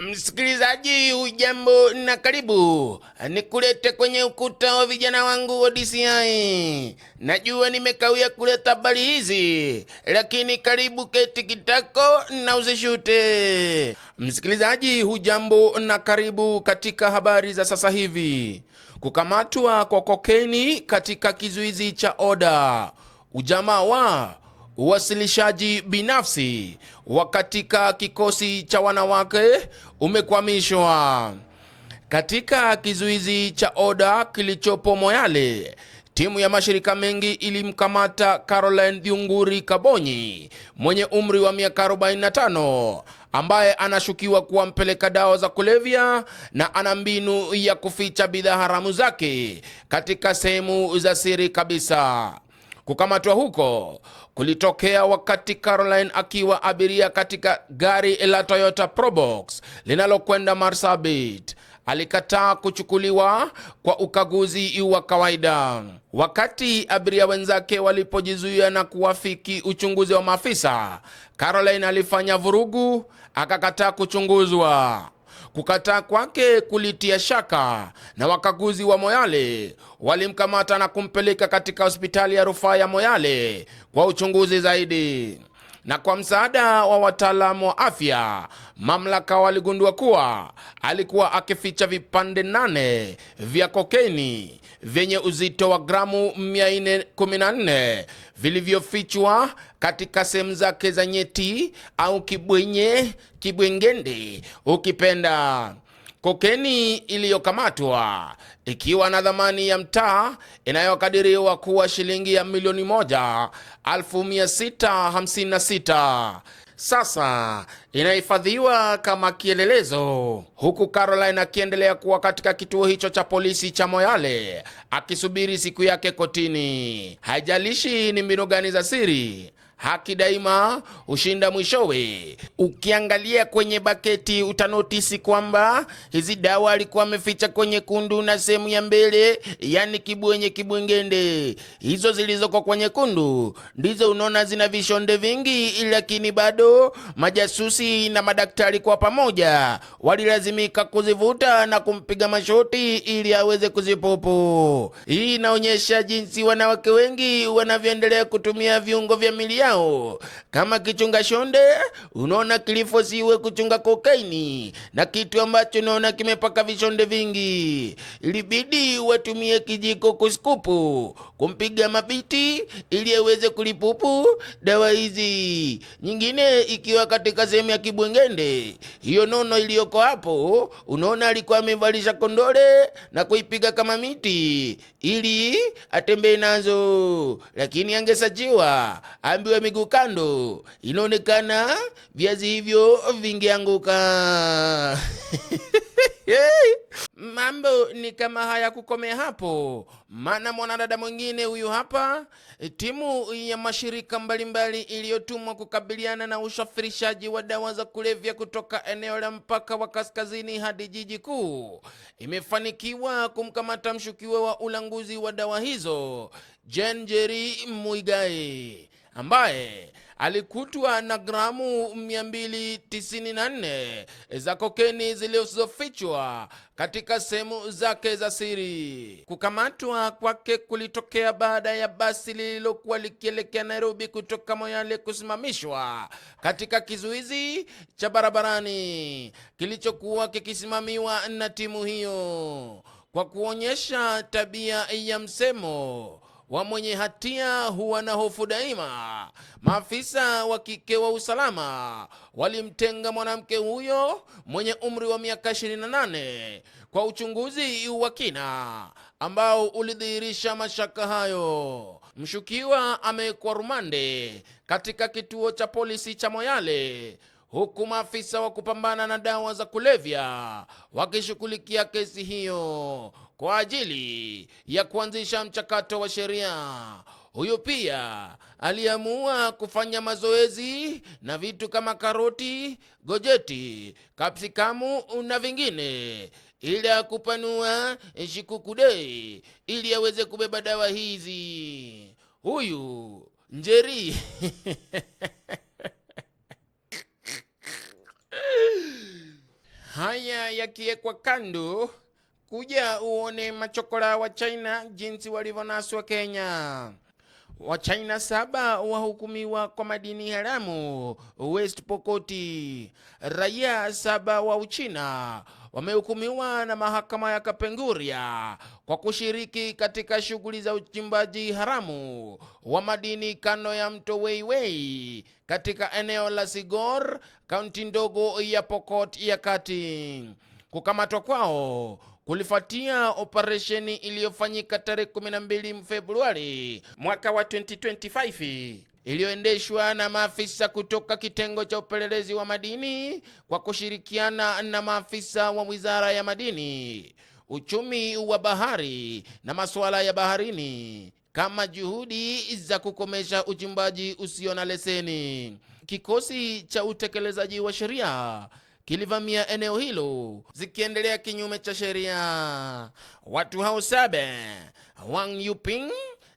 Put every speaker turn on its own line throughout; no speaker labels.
Msikilizaji ujambo na karibu, nikulete kwenye ukuta wa vijana wangu wa DCI. Najua nimekawia kuleta habari hizi, lakini karibu keti kitako na uzishute. Msikilizaji hujambo na karibu katika habari za sasa hivi. Kukamatwa kwa kokeni katika kizuizi cha Oda, ujamaa wa uwasilishaji binafsi wa katika kikosi cha wanawake umekwamishwa. Katika kizuizi cha Oda kilichopo Moyale, timu ya mashirika mengi ilimkamata Caroline Thiunguri Kabonyi mwenye umri wa miaka 45 ambaye anashukiwa kuwa mpeleka dawa za kulevya na ana mbinu ya kuficha bidhaa haramu zake katika sehemu za siri kabisa. Kukamatwa huko kulitokea wakati Caroline akiwa abiria katika gari la Toyota Probox linalokwenda Marsabit. Alikataa kuchukuliwa kwa ukaguzi wa kawaida. Wakati abiria wenzake walipojizuia na kuwafiki uchunguzi wa maafisa, Caroline alifanya vurugu, akakataa kuchunguzwa. Kukataa kwake kulitia shaka, na wakaguzi wa Moyale walimkamata na kumpeleka katika hospitali ya rufaa ya Moyale kwa uchunguzi zaidi na kwa msaada wa wataalamu wa afya, mamlaka waligundua kuwa alikuwa akificha vipande nane vya kokeni vyenye uzito wa gramu 414 vilivyofichwa katika sehemu zake za nyeti au kibwenye, kibwengende ukipenda. Kokeni iliyokamatwa ikiwa na dhamani ya mtaa inayokadiriwa kuwa shilingi ya milioni moja elfu mia sita hamsini na sita sasa inahifadhiwa kama kielelezo, huku Caroline akiendelea kuwa katika kituo hicho cha polisi cha Moyale akisubiri siku yake kotini. Haijalishi ni mbinu gani za siri haki daima ushinda mwishowe. Ukiangalia kwenye baketi utanotisi kwamba hizi dawa alikuwa ameficha kwenye kundu na sehemu ya mbele, yani kibwenye kibwengende. Hizo zilizoko kwenye kundu ndizo unaona zina vishonde vingi, lakini bado majasusi na madaktari kwa pamoja walilazimika kuzivuta na kumpiga mashoti ili aweze kuzipopo. Hii inaonyesha jinsi wanawake wengi wanavyoendelea kutumia viungo vya milia nao kama kichunga shonde, unaona kilifo siwe kuchunga kokaini na kitu ambacho unaona kimepaka vishonde vingi, ilibidi watumie kijiko kuskupu kumpiga mabiti ili aweze kulipupu dawa hizi. Nyingine ikiwa katika sehemu ya kibwengende, hiyo nono iliyoko hapo, unaona alikuwa amevalisha kondole na kuipiga kama miti ili atembee nazo, lakini angesajiwa ambiwe miguu kando, inaonekana viazi hivyo vingeanguka. Mambo ni kama haya kukomea hapo, maana mwanadada mwingine huyu hapa, timu ya mashirika mbalimbali iliyotumwa kukabiliana na usafirishaji wa dawa za kulevya kutoka eneo la mpaka wa kaskazini hadi jiji kuu imefanikiwa kumkamata mshukiwa wa ulanguzi wa dawa hizo Jenjeri Muigai ambaye alikutwa na gramu 294 za kokeni zilizofichwa katika sehemu zake za siri. Kukamatwa kwake kulitokea baada ya basi lililokuwa likielekea Nairobi kutoka Moyale kusimamishwa katika kizuizi cha barabarani kilichokuwa kikisimamiwa na timu hiyo kwa kuonyesha tabia ya msemo wa mwenye hatia huwa na hofu daima. Maafisa wa kike wa usalama walimtenga mwanamke huyo mwenye umri wa miaka 28 kwa uchunguzi wa kina ambao ulidhihirisha mashaka hayo. Mshukiwa amewekwa rumande katika kituo cha polisi cha Moyale huku maafisa wa kupambana na dawa za kulevya wakishughulikia kesi hiyo kwa ajili ya kuanzisha mchakato wa sheria. Huyu pia aliamua kufanya mazoezi na vitu kama karoti, gojeti, kapsikamu na vingine ili akupanua shikukudei ili aweze kubeba dawa hizi. Huyu Njeri haya yakiwekwa kando kuja uone machokora wa China jinsi walivyonaswa Kenya. Wachina saba wahukumiwa kwa madini haramu West Pokot. Raia saba wa Uchina wamehukumiwa na mahakama ya Kapenguria kwa kushiriki katika shughuli za uchimbaji haramu wa madini kando ya mto Weiwei katika eneo la Sigor, kaunti ndogo ya Pokot ya kati. Kukamatwa kwao kulifuatia operesheni iliyofanyika tarehe 12 Februari mwaka wa 2025 iliyoendeshwa na maafisa kutoka kitengo cha upelelezi wa madini kwa kushirikiana na maafisa wa Wizara ya Madini, Uchumi wa Bahari na Masuala ya Baharini kama juhudi za kukomesha uchimbaji usio na leseni. Kikosi cha utekelezaji wa sheria kilivamia eneo hilo zikiendelea kinyume cha sheria. Watu hao saba Wang Yuping,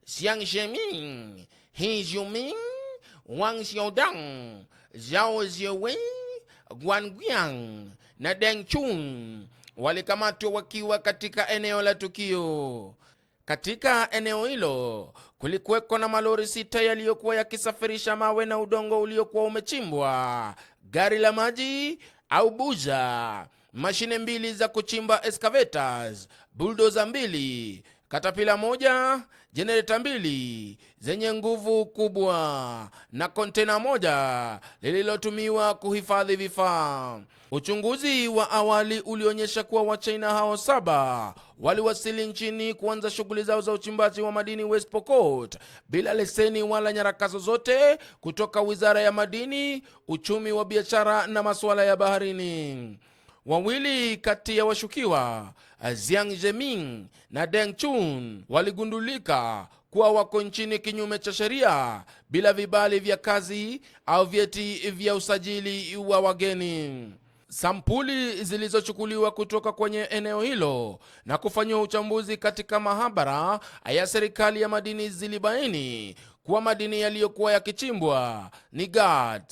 Xiang Sheming, He Juming, Wang Xiaodang, Zhao Ziewei, Guanguang na Deng Chung walikamatwa wakiwa katika eneo la tukio. Katika eneo hilo kulikuweko na malori sita yaliyokuwa yakisafirisha mawe na udongo uliokuwa umechimbwa, gari la maji au buja, mashine mbili za kuchimba excavators, bulldozer mbili katapila moja, jenereta mbili zenye nguvu kubwa na kontena moja lililotumiwa kuhifadhi vifaa. Uchunguzi wa awali ulionyesha kuwa Wachaina hao saba waliwasili nchini kuanza shughuli zao za uchimbaji wa madini West pocot bila leseni wala nyaraka zozote kutoka Wizara ya Madini, Uchumi wa Biashara na Masuala ya Baharini. Wawili kati ya washukiwa Ziang Zemin na Deng Chun waligundulika kuwa wako nchini kinyume cha sheria bila vibali vya kazi au vyeti vya usajili wa wageni. Sampuli zilizochukuliwa kutoka kwenye eneo hilo na kufanyiwa uchambuzi katika mahabara ya serikali ya madini zilibaini kuwa madini yaliyokuwa yakichimbwa ni GAD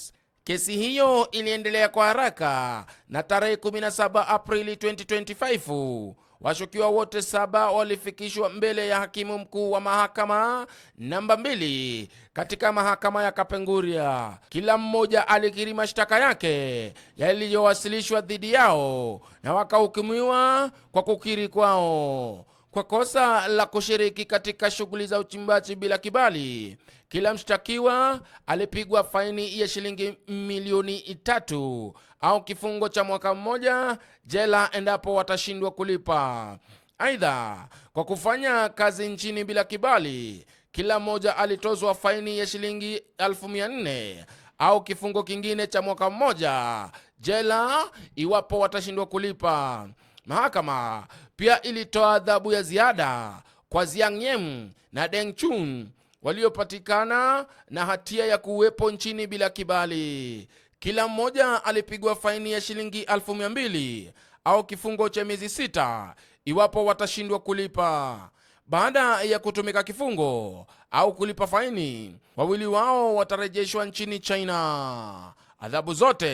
Kesi hiyo iliendelea kwa haraka na tarehe 17 Aprili 2025 washukiwa wote saba walifikishwa mbele ya hakimu mkuu wa mahakama namba mbili katika mahakama ya Kapenguria. Kila mmoja alikiri mashtaka yake yaliyowasilishwa dhidi yao na wakahukumiwa kwa kukiri kwao kwa kosa la kushiriki katika shughuli za uchimbaji bila kibali. Kila mshtakiwa alipigwa faini ya shilingi milioni tatu au kifungo cha mwaka mmoja jela endapo watashindwa kulipa. Aidha, kwa kufanya kazi nchini bila kibali, kila mmoja alitozwa faini ya shilingi elfu mia nne au kifungo kingine cha mwaka mmoja jela iwapo watashindwa kulipa. Mahakama pia ilitoa adhabu ya ziada kwa Ziang Yem na Deng Chun waliopatikana na hatia ya kuwepo nchini bila kibali. Kila mmoja alipigwa faini ya shilingi elfu mia mbili au kifungo cha miezi sita iwapo watashindwa kulipa. Baada ya kutumika kifungo au kulipa faini, wawili wao watarejeshwa nchini China adhabu zote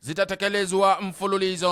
zitatekelezwa mfululizo.